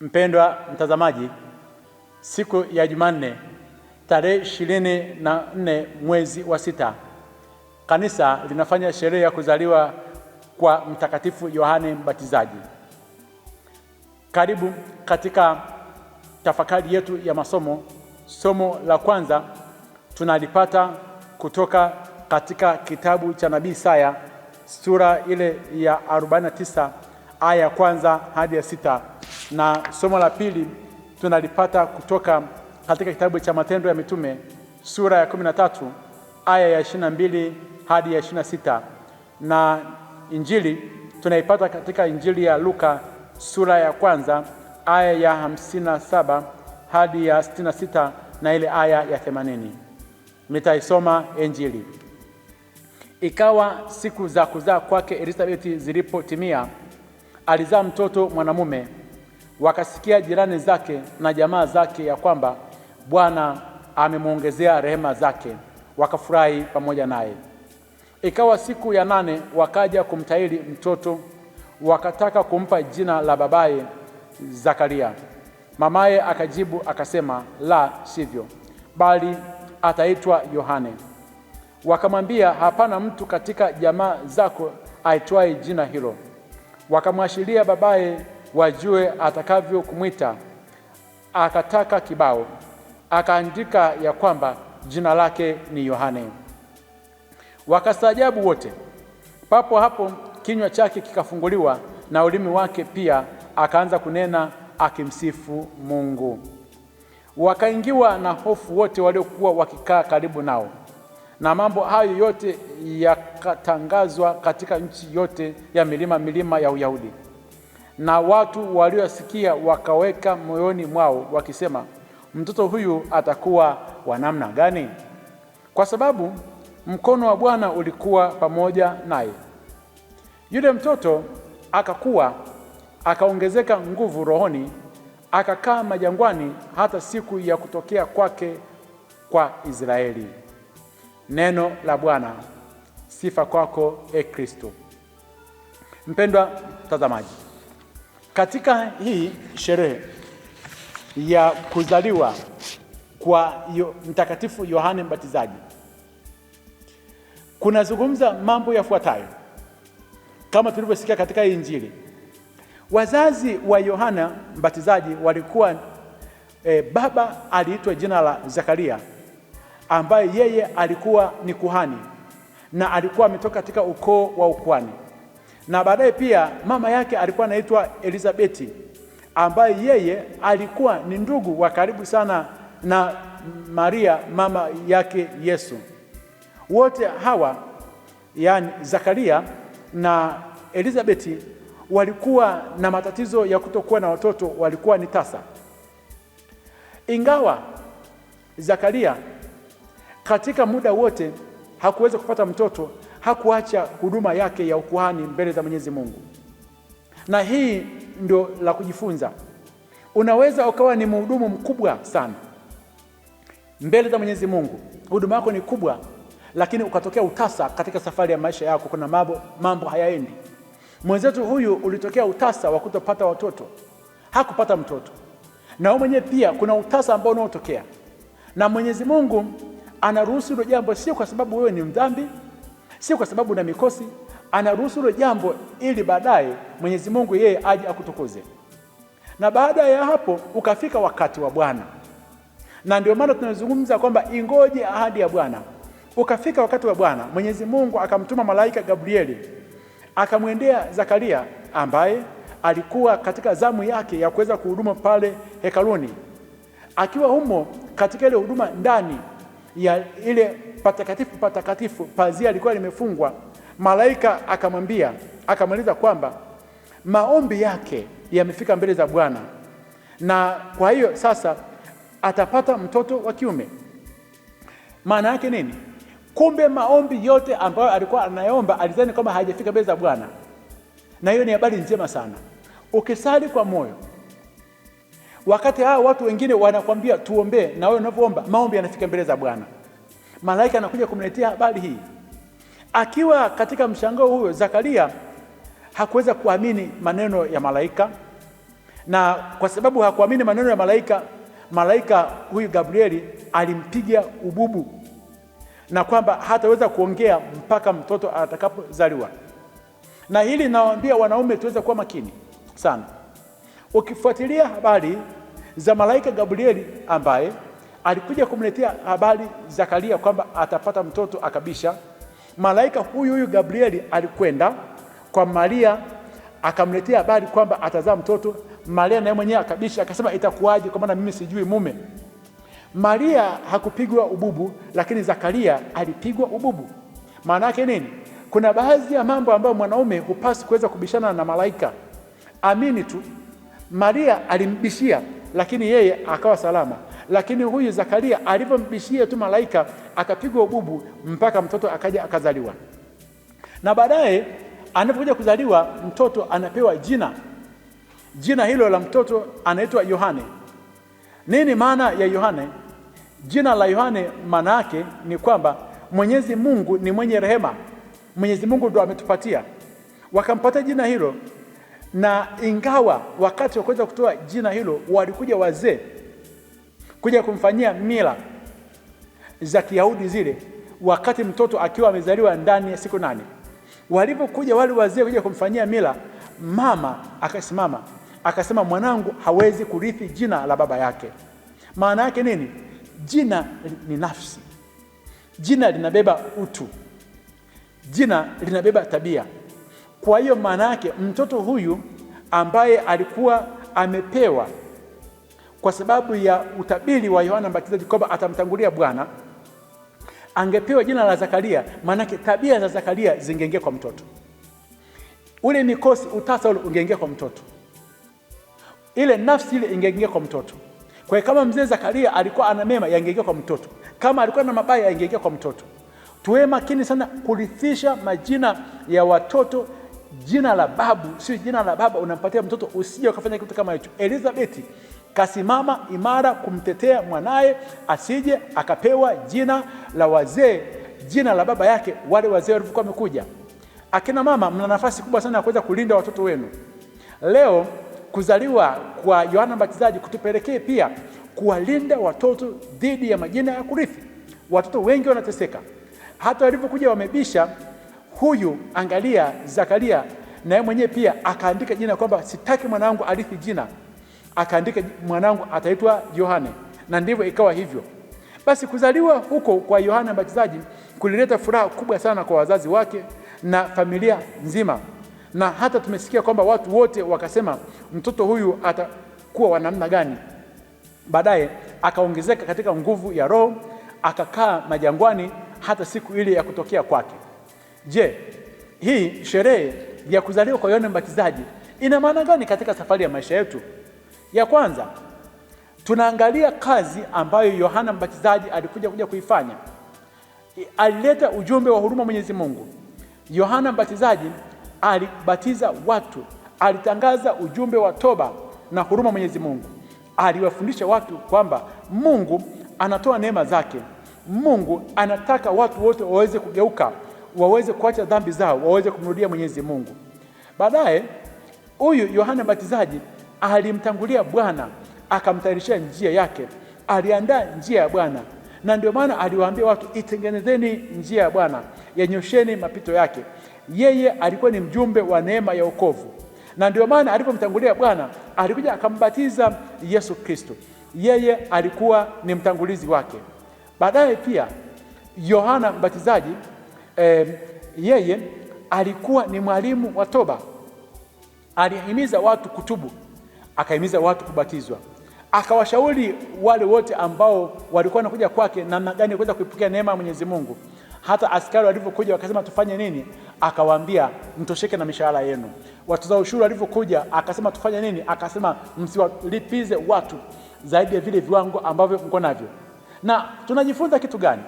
Mpendwa mtazamaji, siku ya Jumanne tarehe ishirini na nne mwezi wa sita kanisa linafanya sherehe ya kuzaliwa kwa Mtakatifu Yohane Mbatizaji. Karibu katika tafakari yetu ya masomo. Somo la kwanza tunalipata kutoka katika kitabu cha nabii Isaya sura ile ya 49 aya ya kwanza hadi ya sita na somo la pili tunalipata kutoka katika kitabu cha Matendo ya Mitume sura ya 13 aya ya 22 hadi ya 26, na injili tunaipata katika Injili ya Luka sura ya kwanza aya ya 57 hadi ya 66 na ile aya ya 80. Nitaisoma Injili. Ikawa siku za kuzaa kwake Elisabethi zilipotimia, alizaa mtoto mwanamume wakasikia jirani zake na jamaa zake ya kwamba Bwana amemwongezea rehema zake, wakafurahi pamoja naye. Ikawa siku ya nane, wakaja kumtahiri mtoto, wakataka kumpa jina la babaye Zakaria. Mamaye akajibu akasema, la sivyo, bali ataitwa Yohane. Wakamwambia, hapana mtu katika jamaa zako aitwaye jina hilo. Wakamwashiria babaye wajue atakavyokumwita. Akataka kibao, akaandika ya kwamba jina lake ni Yohane. Wakastaajabu wote. Papo hapo kinywa chake kikafunguliwa na ulimi wake pia akaanza kunena akimsifu Mungu. Wakaingiwa na hofu wote waliokuwa wakikaa karibu nao, na mambo hayo yote yakatangazwa katika nchi yote ya milima milima ya Uyahudi na watu waliosikia wakaweka moyoni mwao wakisema, mtoto huyu atakuwa wa namna gani? Kwa sababu mkono wa Bwana ulikuwa pamoja naye. Yule mtoto akakuwa, akaongezeka nguvu rohoni, akakaa majangwani hata siku ya kutokea kwake kwa Israeli. Neno la Bwana. Sifa kwako, e Kristo. Mpendwa mtazamaji katika hii sherehe ya kuzaliwa kwa Mtakatifu Yohane Mbatizaji kunazungumza mambo yafuatayo kama tulivyosikia katika Injili. Wazazi wa Yohana Mbatizaji walikuwa e, baba aliitwa jina la Zakaria ambaye yeye alikuwa ni kuhani na alikuwa ametoka katika ukoo wa ukwani na baadaye pia mama yake alikuwa anaitwa Elizabeti, ambaye yeye alikuwa ni ndugu wa karibu sana na Maria mama yake Yesu. Wote hawa yani Zakaria na Elizabeti walikuwa na matatizo ya kutokuwa na watoto, walikuwa ni tasa. Ingawa Zakaria katika muda wote hakuweza kupata mtoto, hakuacha huduma yake ya ukuhani mbele za Mwenyezi Mungu, na hii ndio la kujifunza. Unaweza ukawa ni mhudumu mkubwa sana mbele za Mwenyezi Mungu, huduma yako ni kubwa, lakini ukatokea utasa katika safari ya maisha yako, kuna mambo mambo hayaendi. Mwenzetu huyu ulitokea utasa wa kutopata watoto, hakupata mtoto, na wewe mwenyewe pia kuna utasa ambao unaotokea, na Mwenyezi Mungu anaruhusu hilo jambo, sio kwa sababu wewe ni mdhambi sio kwa sababu na mikosi. Anaruhusu hilo jambo ili baadaye Mwenyezi Mungu yeye aje akutukuze, na baada ya hapo ukafika wakati wa Bwana. Na ndio maana tunazungumza kwamba ingoje ahadi ya Bwana. Ukafika wakati wa Bwana, Mwenyezi Mungu akamtuma malaika Gabrieli akamwendea Zakaria ambaye alikuwa katika zamu yake ya kuweza kuhuduma pale hekaluni, akiwa humo katika ile huduma ndani ya ile patakatifu patakatifu, pazia alikuwa limefungwa. Malaika akamwambia akamweleza kwamba maombi yake yamefika mbele za Bwana, na kwa hiyo sasa atapata mtoto wa kiume. Maana yake nini? Kumbe maombi yote ambayo alikuwa anayomba alidhani kwamba hajafika mbele za Bwana, na hiyo ni habari njema sana. Ukisali kwa moyo wakati hao watu wengine wanakwambia tuombee, na wewe unavyoomba maombi yanafika mbele za Bwana malaika anakuja kumletea habari hii. Akiwa katika mshangao huyo, Zakaria hakuweza kuamini maneno ya malaika, na kwa sababu hakuamini maneno ya malaika, malaika huyu Gabrieli alimpiga ububu na kwamba hataweza kuongea mpaka mtoto atakapozaliwa. Na hili nawaambia wanaume, tuweze kuwa makini sana ukifuatilia habari za malaika Gabrieli ambaye alikuja kumletea habari Zakaria kwamba atapata mtoto akabisha. Malaika huyu huyu Gabrieli alikwenda kwa Maria akamletea habari kwamba atazaa mtoto. Maria naye mwenyewe akabisha, akasema itakuwaje, kwa maana mimi sijui mume. Maria hakupigwa ububu, lakini Zakaria alipigwa ububu. Maana yake nini? Kuna baadhi ya mambo ambayo mwanaume hupasi kuweza kubishana na malaika. Amini tu, Maria alimbishia, lakini yeye akawa salama. Lakini huyu Zakaria alivyombishia tu malaika akapigwa ububu mpaka mtoto akaja akazaliwa, na baadaye anapokuja kuzaliwa mtoto anapewa jina. Jina hilo la mtoto anaitwa Yohane. Nini maana ya Yohane? Jina la Yohane maana yake ni kwamba Mwenyezi Mungu ni mwenye rehema. Mwenyezi Mungu ndo ametupatia, wakampata jina hilo, na ingawa wakati wa kuweza kutoa jina hilo walikuja wazee kuja kumfanyia mila za Kiyahudi zile, wakati mtoto akiwa amezaliwa ndani ya siku nane. Walipokuja wale wazee kuja kumfanyia mila, mama akasimama akasema, mwanangu hawezi kurithi jina la baba yake. Maana yake nini? Jina ni nafsi, jina linabeba utu, jina linabeba tabia. Kwa hiyo maana yake mtoto huyu ambaye alikuwa amepewa kwa sababu ya utabiri wa Yohana Mbatizaji kwamba atamtangulia Bwana, angepewa jina la Zakaria, maanake tabia za Zakaria zingeingia kwa mtoto ule, mikosi utasa ule ungeingia kwa mtoto, ile nafsi ile ingeingia kwa mtoto. Kwa hiyo kama mzee Zakaria alikuwa ana mema, yangeingia kwa mtoto. Kama alikuwa na mabaya, yangeingia kwa mtoto. Tuwe makini sana kurithisha majina ya watoto. Jina la babu sio jina la baba unampatia mtoto, usije ukafanya kitu kama hicho. Elizabeth kasimama imara kumtetea mwanaye asije akapewa jina la wazee, jina la baba yake, wale wazee walivyokuwa wamekuja. Akina mama, mna nafasi kubwa sana ya kuweza kulinda watoto wenu. Leo kuzaliwa kwa Yohana Mbatizaji kutupelekee pia kuwalinda watoto dhidi ya majina ya kurithi. Watoto wengi wanateseka, hata walivyokuja wamebisha huyu, angalia Zakaria naye mwenyewe pia akaandika jina kwamba sitaki mwanangu arithi jina akaandika mwanangu ataitwa Yohane, na ndivyo ikawa hivyo. Basi kuzaliwa huko kwa Yohana Mbatizaji kulileta furaha kubwa sana kwa wazazi wake na familia nzima, na hata tumesikia kwamba watu wote wakasema mtoto huyu atakuwa wa namna gani. Baadaye akaongezeka katika nguvu ya Roho, akakaa majangwani hata siku ile ya kutokea kwake. Je, hii sherehe ya kuzaliwa kwa Yohana Mbatizaji ina maana gani katika safari ya maisha yetu? Ya kwanza tunaangalia kazi ambayo Yohana Mbatizaji alikuja kuja kuifanya. Alileta ujumbe wa huruma Mwenyezi Mungu. Yohana Mbatizaji alibatiza watu, alitangaza ujumbe wa toba na huruma Mwenyezi Mungu. Aliwafundisha watu kwamba Mungu anatoa neema zake. Mungu anataka watu wote waweze kugeuka, waweze kuacha dhambi zao, waweze kumrudia Mwenyezi Mungu. Baadaye huyu Yohana Mbatizaji alimtangulia Bwana akamtayarishia njia yake, aliandaa njia ya Bwana. Na ndio maana aliwaambia watu, itengenezeni njia ya Bwana, yanyosheni mapito yake. Yeye alikuwa ni mjumbe wa neema ya wokovu, na ndio maana alipomtangulia Bwana alikuja akambatiza Yesu Kristo. Yeye alikuwa ni mtangulizi wake. Baadaye pia Yohana Mbatizaji eh, yeye alikuwa ni mwalimu wa toba, alihimiza watu kutubu akahimiza watu kubatizwa, akawashauri wale wote ambao walikuwa wanakuja kwake namna gani kuweza kuipokea neema ya Mwenyezi Mungu. Hata askari walivyokuja wakasema tufanye nini, akawaambia mtosheke na mishahara yenu. Watoza ushuru walivyokuja akasema tufanye nini, akasema msiwalipize watu zaidi ya vile viwango ambavyo mko navyo. Na tunajifunza kitu gani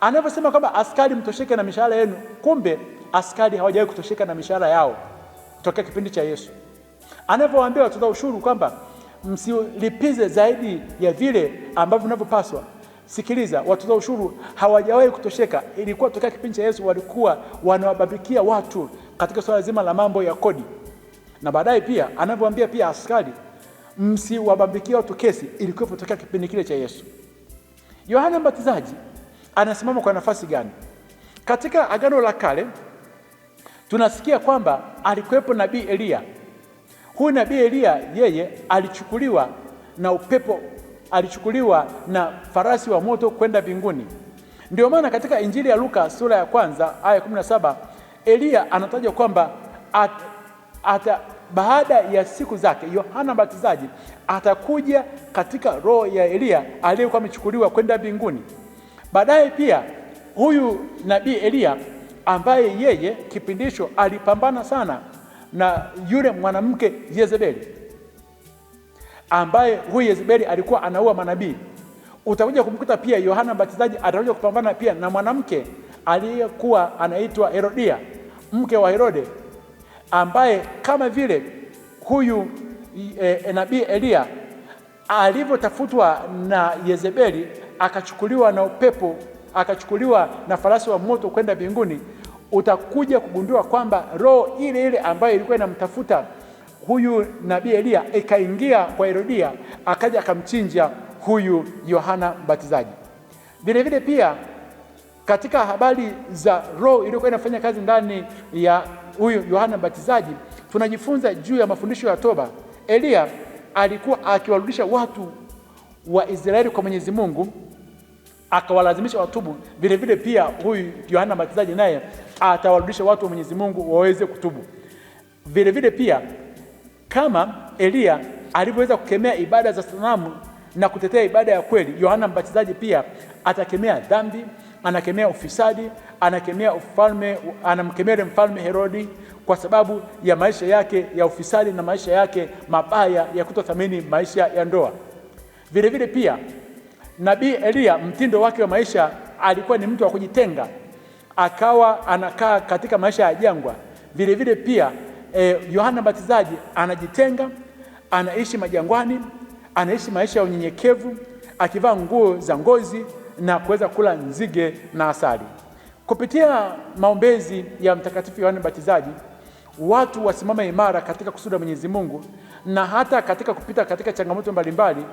anavyosema kwamba askari mtosheke na mishahara yenu? Kumbe askari hawajawahi kutosheka na mishahara yao tokea kipindi cha Yesu anavyowaambia watoza ushuru kwamba msilipize zaidi ya vile ambavyo vinavyopaswa Sikiliza, watoza ushuru hawajawahi kutosheka. Ilikuwa tokea kipindi cha Yesu walikuwa wanawababikia watu katika swala zima la mambo ya kodi, na baadaye pia anavyowaambia pia askari msiwababikia watu kesi, ilikuwa tokea kipindi kile cha Yesu. Yohana Mbatizaji anasimama kwa nafasi gani katika Agano la Kale? Tunasikia kwamba alikuwepo nabii Eliya Huyu nabii Eliya yeye alichukuliwa na upepo, alichukuliwa na farasi wa moto kwenda mbinguni. Ndio maana katika Injili ya Luka sura ya kwanza aya 17 Eliya anatajwa kwamba at, ata baada ya siku zake Yohana Mbatizaji atakuja katika roho ya Eliya aliyekuwa amechukuliwa kwenda mbinguni. Baadaye pia huyu nabii Eliya ambaye yeye kipindisho alipambana sana na yule mwanamke Yezebeli ambaye huyu Yezebeli alikuwa anaua manabii. Utakuja kumkuta pia Yohana Mbatizaji atakuja kupambana pia na mwanamke aliyekuwa anaitwa Herodia, mke wa Herode, ambaye kama vile huyu e, e nabii Eliya alivyotafutwa na Yezebeli, akachukuliwa na upepo, akachukuliwa na farasi wa moto kwenda mbinguni utakuja kugundua kwamba roho ile ile ambayo ilikuwa inamtafuta huyu nabii Eliya ikaingia kwa Herodia, akaja akamchinja huyu Yohana Mbatizaji. Vilevile pia katika habari za roho iliyokuwa inafanya kazi ndani ya huyu Yohana Mbatizaji, tunajifunza juu ya mafundisho ya toba. Eliya alikuwa akiwarudisha watu wa Israeli kwa Mwenyezi Mungu akawalazimisha watubu. Vile vile pia huyu Yohana Mbatizaji naye atawarudisha watu wa Mwenyezi Mungu waweze kutubu. Vile vile pia kama Eliya alivyoweza kukemea ibada za sanamu na kutetea ibada ya kweli, Yohana Mbatizaji pia atakemea dhambi, anakemea ufisadi, anakemea ufalme, anamkemea mfalme Herodi kwa sababu ya maisha yake ya ufisadi na maisha yake mabaya ya kutothamini maisha ya ndoa. Vile vile pia Nabii Eliya mtindo wake wa maisha alikuwa ni mtu wa kujitenga, akawa anakaa katika maisha ya jangwa. Vile vile pia e, Yohana e, Mbatizaji anajitenga, anaishi majangwani, anaishi maisha ya unyenyekevu, akivaa nguo za ngozi na kuweza kula nzige na asali. Kupitia maombezi ya Mtakatifu Yohana Mbatizaji, watu wasimama imara katika kusudi la Mwenyezi Mungu na hata katika kupita katika changamoto mbalimbali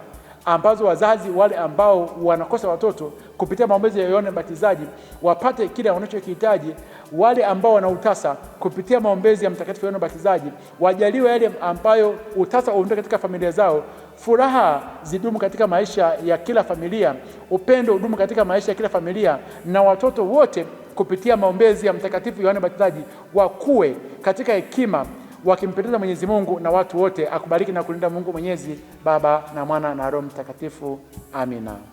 ambazo wazazi wale ambao wanakosa watoto kupitia maombezi ya Yohane Mbatizaji wapate kile wanachokihitaji. Wale ambao wana utasa kupitia maombezi ya Mtakatifu Yohane Mbatizaji wajaliwe yale ambayo utasa uondoke katika familia zao, furaha zidumu katika maisha ya kila familia, upendo udumu katika maisha ya kila familia, na watoto wote kupitia maombezi ya Mtakatifu Yohane Mbatizaji wakue katika hekima wakimpendeza Mwenyezi Mungu na watu wote. Akubariki na kulinda Mungu Mwenyezi, Baba na Mwana na Roho Mtakatifu. Amina.